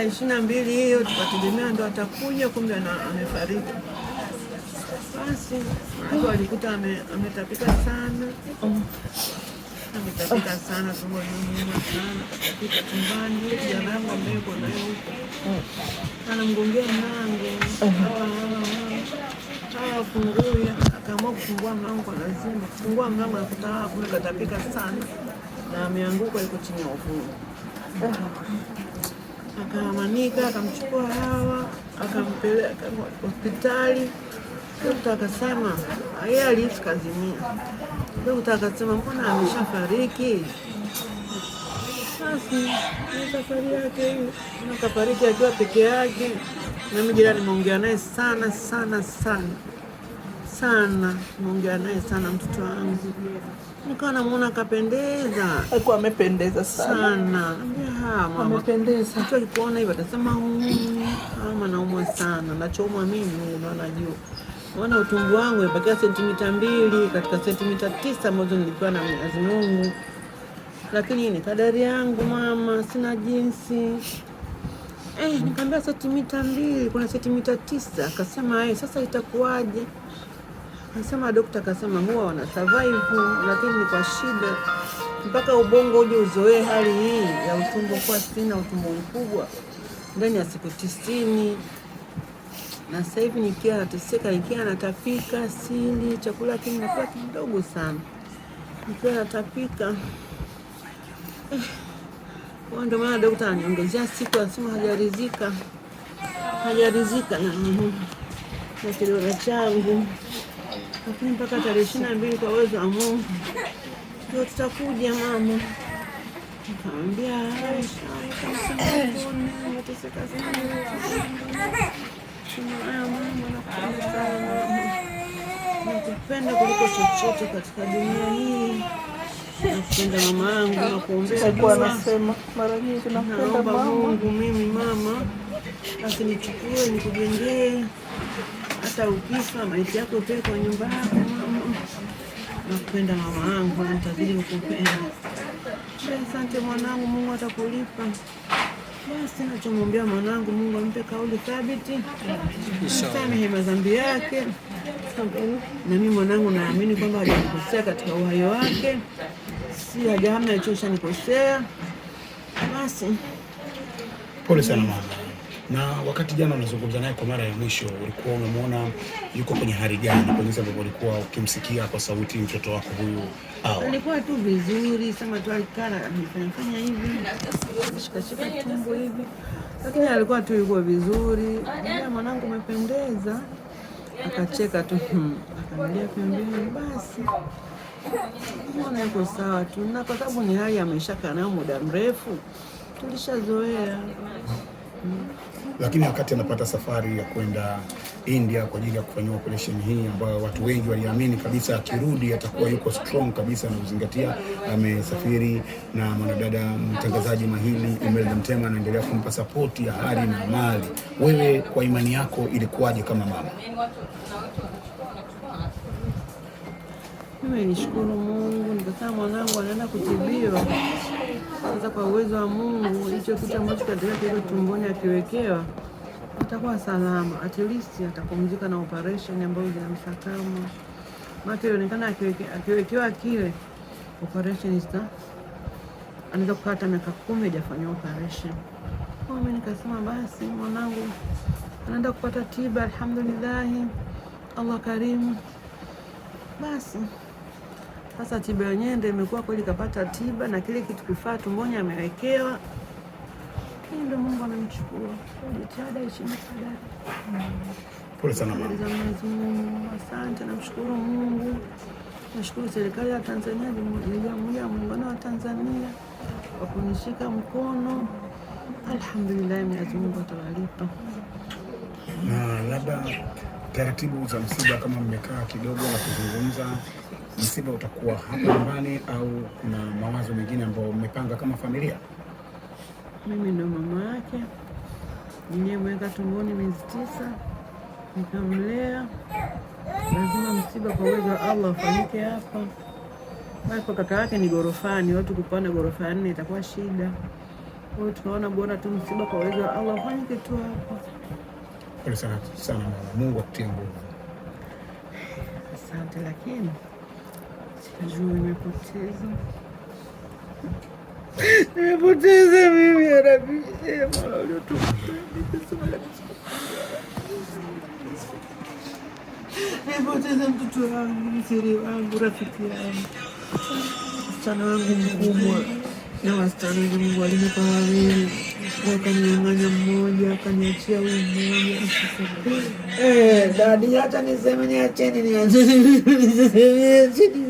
ya ishirini na mbili hiyo tukategemea ndo atakuja, kumbe amefariki. Basi walikuta ametapika sana, ametapika sana, tumbo linauma sana, katapika chumbani. Kijana yangu ambaye yuko naye huko anamgongea mlango, hawafungui, akaamua kufungua mlango, lazima kufungua mlango, anakuta hakuna, katapika sana na ameanguka, yuko chini ya uvuu Akalamanika, akamchukua Hawa akampeleka hospitali. Dokta akasema yeye alihisi kazimia. Dokta akasema mbona ameshafariki? Basi safari yake akafariki akiwa peke yake, na mimi jirani nimeongea naye sana sana sana sana, naongea naye sana mtoto wangu, nikawa namwona akapendeza, alikuwa amependeza sana. Ah, amependeza mtu akikuona hivyo atasema mm, ah, ama naumwa sana, nachoumwa mimi naona juu Ona utumbu wangu ipakia sentimita mbili katika sentimita tisa ambazo nilipewa na Mwenyezi Mungu, lakini ni kadari yangu mama, sina jinsi eh. Nikaambia sentimita mbili, kuna sentimita tisa. Akasema eh, sasa itakuwaje? Nasema dokta akasema huwa wana survive, lakini ni kwa shida mpaka ubongo uje uzoee hali hii ya utumbo kuwa sitini na utumbo mkubwa ndani ya siku tisini. Na sasa hivi nikia nateseka, nikia natapika, sili chakula kinakula kidogo sana, nikia natapika eh. Ndio maana dokta ananiongezea siku, anasema hajarizika, hajarizika na kidole changu lakini mpaka tarehe ishirini na mbili kwa uwezo wa Mungu ndio tutakuja mama. Nikamwambia nakupenda kuliko chochote katika dunia hii, nakupenda mama yangu, nakuombea dua. Anasema mara nyingi naomba Mungu mimi mama asinichukue nikujengee sasa ukifa maiti yako kwa nyumba yako. Nakupenda mama yangu, nitazidi kukupenda. Asante mwanangu, Mungu atakulipa. Basi nachomwambia mwanangu, Mungu ampe kauli thabiti, samehe madhambi yake. Na mii mwanangu, naamini kwamba hajanikosea katika uhai wake, si ajaamna hamna nikosea. Basi pole sana mama. Na wakati jana unazungumza naye kwa mara ya mwisho, ulikuwa unamwona yuko kwenye hali gani, kwa jinsi ambavyo ulikuwa ukimsikia kwa sauti mtoto wako huyu? alikuwa tu vizuri, sema tu alikaa anafanya hivi shika tumbo hivi, lakini alikuwa tu yuko vizuri. Mwanangu umependeza, akacheka tu hmm, akaangalia pembeni, basi ona yuko sawa tu, na kwa sababu ni hali ameshakaa nayo muda mrefu, tulishazoea lakini wakati anapata safari ya kwenda India kwa ajili ya kufanyia operation hii ambayo watu wengi waliamini kabisa akirudi atakuwa yuko strong kabisa, na kuzingatia amesafiri na mwanadada mtangazaji mahili Imelda Mtema anaendelea kumpa sapoti ya hali na mali. Wewe kwa imani yako ilikuwaje kama mama? Mimi nishukuru Mungu, nikasema mwanangu anaenda kutibiwa sasa. Kwa uwezo wa Mungu, hicho kitu ambacho kile tumboni akiwekewa atakuwa salama, at least atapumzika na operation ambayo zinamsakama mate. Ionekana akiwekewa kile operation zita anaweza kukaa hata miaka kumi hajafanyiwa operation. Kwa mimi nikasema basi mwanangu anaenda kupata tiba, alhamdulillahi, Allah karimu basi. Sasa tiba yenyewe ndio imekuwa kweli, kapata tiba na kile kitu kifaa tumboni amewekewa. Hii ndio Mungu amemchukua. Jitihada ishimikadari. Pole sana mama. Asante, namshukuru Mungu, nashukuru serikali ya Tanzania, Jamhuri ya Muungano wa Tanzania kwa kunishika mkono. Alhamdulillah, Mwenyezi Mungu atawalipa. Na labda taratibu za msiba, kama mmekaa kidogo na kuzungumza msiba utakuwa hapa nyumbani au kuna mawazo mengine ambayo mmepanga kama familia? Mimi ndo mama yake, mweka tumboni miezi tisa nikamlea. Lazima msiba kwa uwezo wa Allah ufanyike hapa. Kwa kaka yake ni gorofani, watu kupanda gorofa ya nne itakuwa shida. Kwa hiyo tunaona bora tu msiba kwa uwezo wa Allah ufanyike tu hapa. Pole sana sana mama, Mungu akutie nguvu. Asante lakini juu nimepoteza nimepoteza mimi ya eh, nimepoteza mtoto wangu, msiri wangu, rafiki yangu, msichana wangu mkubwa na wastani Mungu alinipa wawili, wakaninyang'anya mmoja, akaniachia huyu mmoja. Eh, Dadi, acha niseme niacheni, niacheni, niacheni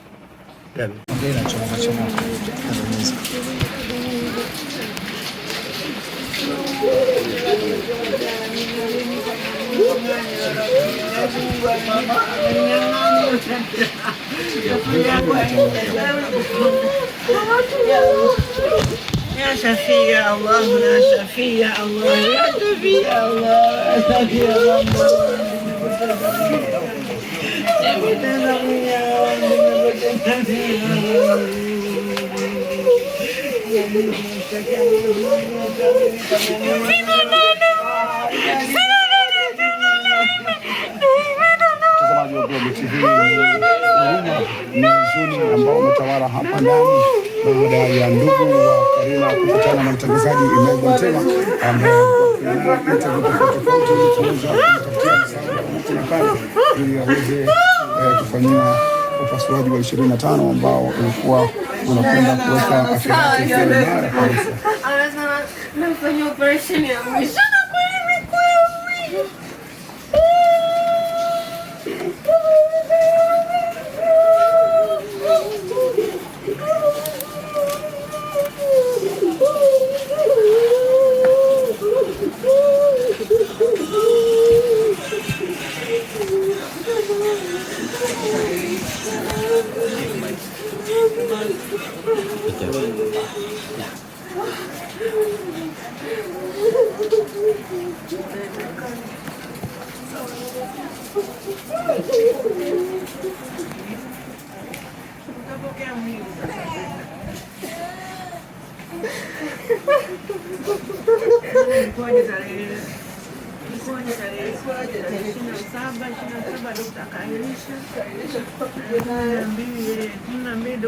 Ten. Odjela ćemo, da ćemo kada ne znam. يا شفيع الله يا شفيع الله يا شفيع الله يا شفيع الله Mtazamaji wa Global TV, ni huzuni ambao umetawala hapa ndani baada ya ndugu wa Karina kukutana na mtangazaji Imego Ntema ambaye tofauti tofauti ili aweze eh, kufanyiwa upasuaji wa 25 ambao ulikuwa unakwenda kuweka afya yake imara kabisa. Anasema nafanya operesheni ya mwisho Saba, ishirini na saba, dokta Kairisha, kumi na mbili